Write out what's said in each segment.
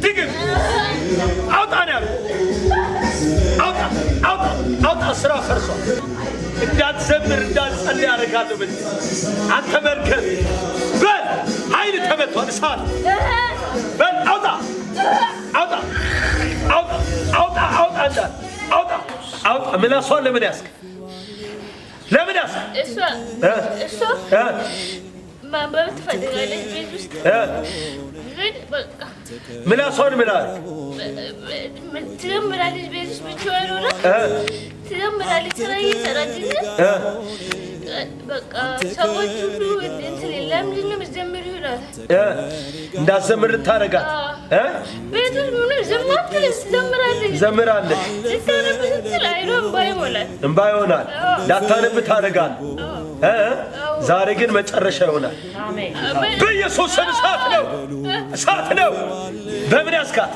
تجب اوت انام اوت اوت اوت اسرع فرصه እንዳትዘምር እንዳትጸልይ ያደርጋሉ። ምን አንተ መርከብ በል ኃይል ተመቷል። እሳት በል አውጣ አውጣ አውጣ አውጣ አውጣ እንዳል አውጣ አውጣ ምላሷን ለምን ያስክ ለምን ያስክ እሷ እሷ ማንበብ ትፈልጋለች ቤት ውስጥ ግን በቃ ምላሷን ምላት ትለምራለች፣ ቤትሽ ብቻዋን ትለምራለች። ስራ እየሰራች በቃ ሰዎች ሁሉ እንትን ለምንድን ነው የምትዘምሪው ይላል። እንዳዘምር ታረጋት ቤቱ ምንም ዝም አትልም፣ ዘምራለች። ስታነብ አይኖ እምባ ይሞላል፣ እምባ ይሆናል። እንዳታነብ ታረጋል። ዛሬ ግን መጨረሻ ይሆናል። በኢየሱስ ስም እሳት ነው፣ እሳት ነው። ያስካት?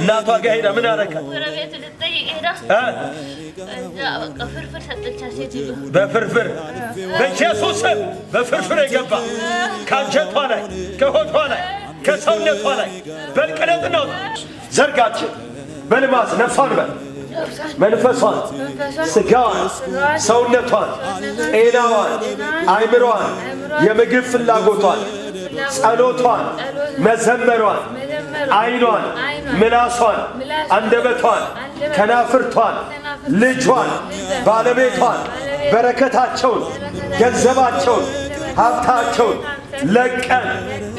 እናቷ ጋ ሄዳ ምን አደረጋት? በፍርፍር በኢየሱስ በፍርፍር የገባ ከአንጀቷ ላይ ከሆቷ ላይ ከሰውነቷ ላይ በልቅነት ነው። ዘርጋችን በልማት ነፍሷን በል መንፈሷን፣ ስጋዋን፣ ሰውነቷን፣ ጤናዋን፣ አይምሮዋን፣ የምግብ ፍላጎቷን ጸሎቷን፣ መዘመሯን፣ ዓይኗን፣ ምላሷን፣ አንደበቷን፣ ከናፍርቷን፣ ልጇን፣ ባለቤቷን፣ በረከታቸውን፣ ገንዘባቸውን፣ ሀብታቸውን ለቀን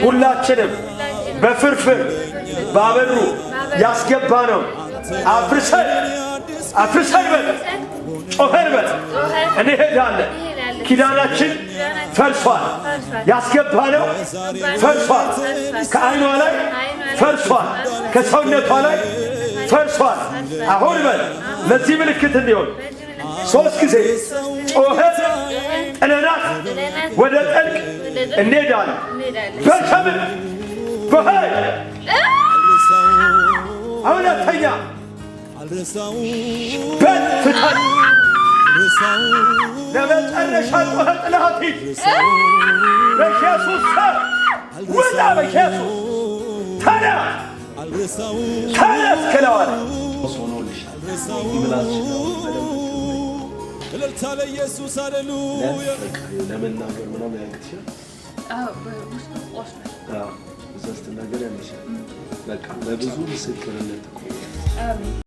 ሁላችንም በፍርፍር ባበሩ ያስገባ ነው አፍርሰን አፍርሰን በል ጮኸን በል እንሄዳለን። ኪዳናችን ፈርሷል። ያስገባነው ፈርሷል። ከአይኗ ላይ ፈርሷል። ከሰውነቷ ላይ ፈርሷል። አሁን በል ለዚህ ምልክት እንዲሆን ሶስት ጊዜ ጮኸት ጥለናት ወደ ጠልቅ እንሄዳለን። በሸምን በሀይ አሁን አተኛ በትታል ለመጨረሻ ጮኸ ጥላት በኢየሱስ ውጣ፣ በኢየሱስ ታዲያ ታዲያ እስክለዋል እልልታ ለኢየሱስ አሌሉያ። ለመናገር ምናምን ያንቅት ስትናገር ያለሻል። በቃ ለብዙ ምስክርነት